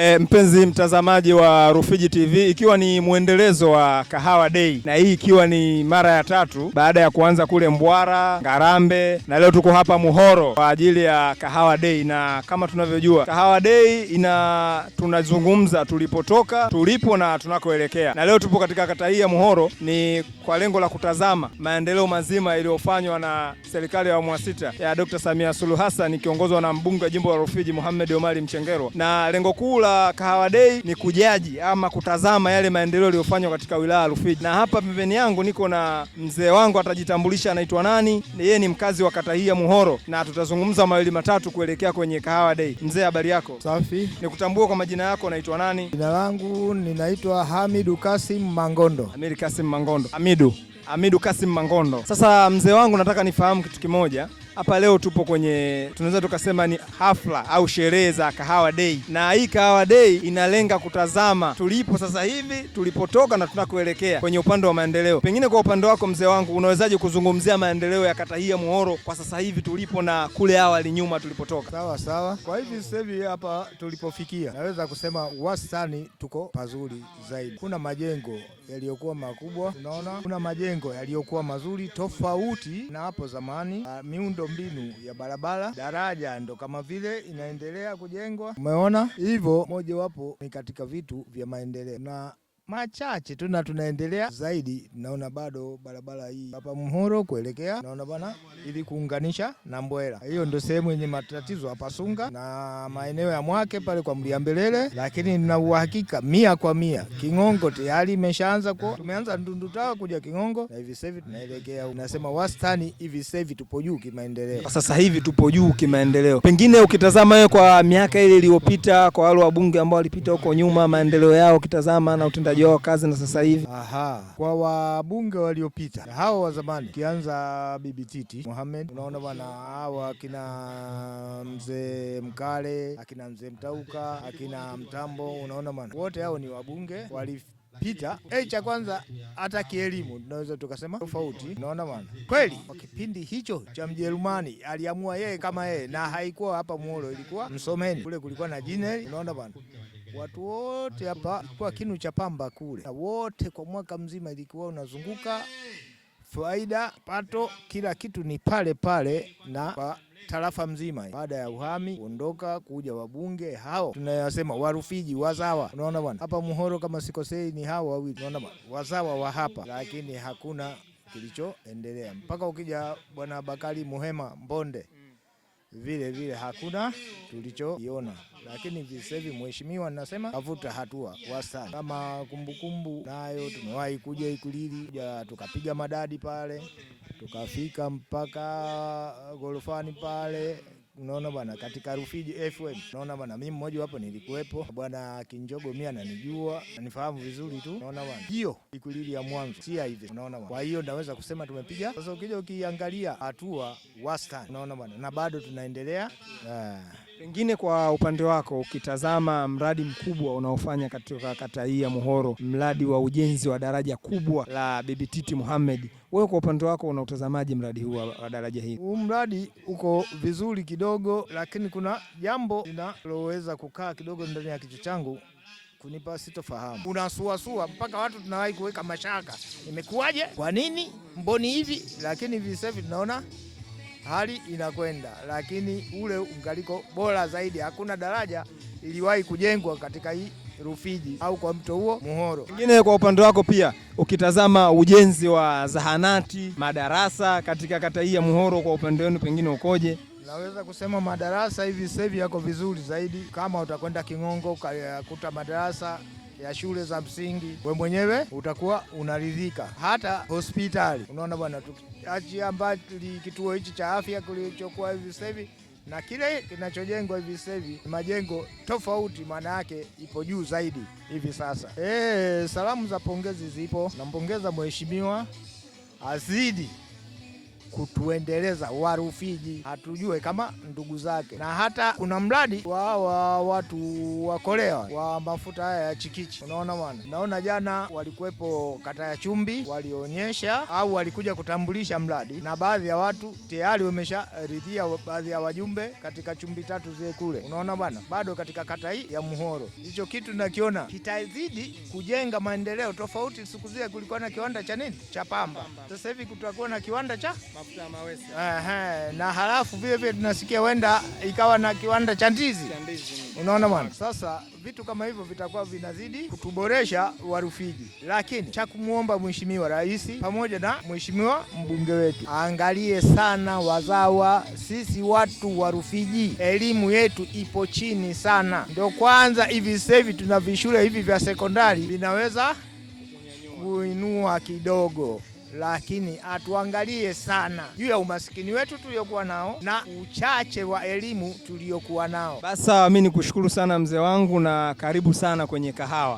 E, mpenzi mtazamaji wa Rufiji TV, ikiwa ni mwendelezo wa Kahawa Day na hii ikiwa ni mara ya tatu baada ya kuanza kule Mbwara, Ngarambe na leo tuko hapa Muhoro kwa ajili ya Kahawa Day, na kama tunavyojua Kahawa Day ina tunazungumza tulipotoka, tulipo na tunakoelekea, na leo tupo katika kata hii ya Muhoro ni kwa lengo la kutazama maendeleo mazima yaliyofanywa na serikali ya awamu ya sita ya Dr. Samia Suluhu Hassan ikiongozwa na mbunge wa jimbo la Rufiji Mohamed Omari Mchengerwa, na lengo kuu la Kahawa Day ni kujaji ama kutazama yale maendeleo yaliyofanywa katika wilaya ya Rufiji, na hapa pembeni yangu niko na mzee wangu, atajitambulisha anaitwa nani, yeye ni mkazi wa kata hii ya Muhoro, na tutazungumza mawili matatu kuelekea kwenye Kahawa Day. Mzee, habari yako? Safi. Nikutambue kwa majina yako, anaitwa nani? Jina langu ninaitwa Hamidu Kasim Mangondo. Hamidu Kasim Mangondo. Hamidu Hamidu Kasim Mangondo. Sasa mzee wangu, nataka nifahamu kitu kimoja hapa leo tupo kwenye tunaweza tukasema ni hafla au sherehe za Kahawa Day, na hii Kahawa Day inalenga kutazama tulipo sasa hivi, tulipotoka na tunakoelekea kwenye upande wa maendeleo. Pengine kwa upande wako mzee wangu, unawezaje kuzungumzia maendeleo ya kata hii ya Muhoro kwa sasa hivi tulipo na kule awali nyuma tulipotoka? Sawa sawa, kwa hivi sasa hivi hapa tulipofikia, naweza kusema wastani tuko pazuri zaidi. Kuna majengo yaliyokuwa makubwa, unaona, kuna majengo yaliyokuwa mazuri tofauti na hapo zamani. Uh, miundo miundombinu ya barabara, daraja ndo kama vile inaendelea kujengwa, umeona hivyo. Mojawapo ni katika vitu vya maendeleo na machache tu na tunaendelea zaidi. Naona bado barabara hii hapa Muhoro kuelekea naona bana, ili kuunganisha na Mbwela, hiyo ndio sehemu yenye matatizo hapa Sunga na maeneo ya Mwake pale kwa Mliambelele, lakini nina uhakika mia kwa mia King'ongo tayari imeshaanza kwa, tumeanza tawa kuja King'ongo na hivi sasa tunaelekea, unasema wastani hivi sasa tupo juu kimaendeleo. Sasa hivi tupo juu kimaendeleo, pengine ukitazama wewe kwa miaka ile iliyopita, kwa wale wabunge ambao walipita huko nyuma, maendeleo yao ukitazama na utendaji utendaji wao kazi na sasa hivi. Aha. Kwa wabunge waliopita hao wa zamani, kianza Bibi Titi Mohamed, unaona bwana, hawa akina mzee Mkale, akina mzee Mtauka, akina Mtambo, unaona bwana, wote hao ni wabunge wali pita eh, cha kwanza hata kielimu tunaweza tukasema tofauti. Unaona bwana, kweli kwa kipindi hicho cha Mjerumani aliamua yeye kama yeye, na haikuwa hapa Muholo, ilikuwa Msomeni kule, kulikuwa na jineli. Unaona bwana watu wote hapa kwa kinu cha pamba kule, wote kwa mwaka mzima ilikuwa unazunguka, faida pato, kila kitu ni pale pale na kwa tarafa mzima. Baada ya uhami kuondoka kuja wabunge hao tunayasema warufiji wazawa, unaona bwana, hapa Muhoro kama sikosei ni hao wawili, unaona bwana, wazawa wa hapa, lakini hakuna kilichoendelea mpaka ukija bwana Bakari Muhema Mbonde vile vile hakuna tulichoiona, lakini visevi, mheshimiwa, nasema kavuta hatua kwa sana. Kama kumbukumbu nayo tumewahi kuja Ikulili, ja tukapiga madadi pale, tukafika mpaka uh, ghorofani pale Unaona bwana, katika Rufiji FM unaona bwana, mimi mmoja wapo nilikuwepo bwana. Kinjogo mimi ananijua nifahamu vizuri tu, unaona bwana, hiyo ikulili ya mwanzo si hivi, unaona bwana. Kwa hiyo naweza kusema tumepiga sasa, ukija ukiangalia hatua wastani, unaona bwana, na bado tunaendelea yeah. Pengine kwa upande wako ukitazama mradi mkubwa unaofanya katika kata hii ya Muhoro, mradi wa ujenzi wa daraja kubwa la Bibi Titi Mohamed, wewe kwa upande wako unautazamaje mradi huu wa daraja hili? Huu mradi uko vizuri kidogo, lakini kuna jambo linaloweza kukaa kidogo ndani ya kichwa changu kunipa sitofahamu. Unasuasua mpaka watu tunawahi kuweka mashaka, imekuwaje? Kwa nini? Mboni hivi, lakini hivi sasa tunaona hali inakwenda, lakini ule ungaliko bora zaidi, hakuna daraja iliwahi kujengwa katika hii Rufiji au kwa mto huo Muhoro. Pengine kwa upande wako pia ukitazama ujenzi wa zahanati, madarasa katika kata hii ya Muhoro, kwa upande wenu pengine ukoje? Naweza kusema madarasa hivi sasa hivi yako vizuri zaidi. Kama utakwenda King'ongo ukakuta madarasa ya shule za msingi, we mwenyewe utakuwa unaridhika. Hata hospitali, unaona bwana, tukiachia mbali kituo hichi cha afya kilichokuwa hivi sasa hivi na kile kinachojengwa hivi sasa hivi majengo tofauti, maana yake ipo juu zaidi hivi sasa. E, salamu za pongezi zipo, nampongeza mheshimiwa azidi kutuendeleza Warufiji, hatujue kama ndugu zake, na hata kuna mradi wa, wa watu wakolewa wa mafuta haya ya chikichi. Unaona bwana, naona jana walikuwepo kata ya Chumbi, walionyesha au walikuja kutambulisha mradi, na baadhi ya watu tayari wamesharidhia, baadhi ya wajumbe katika Chumbi tatu zile kule. Unaona bwana, bado katika kata hii ya Muhoro hicho kitu nakiona kitazidi kujenga maendeleo tofauti. Siku zile kulikuwa na kiwanda cha nini cha pamba, sasa hivi kutakuwa na kiwanda cha Aha, na halafu vile vile tunasikia wenda ikawa na kiwanda cha ndizi, mm. unaona bwana. Sasa vitu kama hivyo vitakuwa vinazidi kutuboresha Warufiji, lakini cha kumwomba Mheshimiwa Rais pamoja na Mheshimiwa mbunge wetu aangalie sana wazawa, sisi watu wa Rufiji elimu yetu ipo chini sana, ndio kwanza hivi sasa hivi tuna vishule hivi vya sekondari vinaweza kuinua kidogo lakini atuangalie sana juu ya umasikini wetu tuliokuwa nao na uchache wa elimu tuliokuwa nao. Basa, mimi nikushukuru sana mzee wangu na karibu sana kwenye kahawa.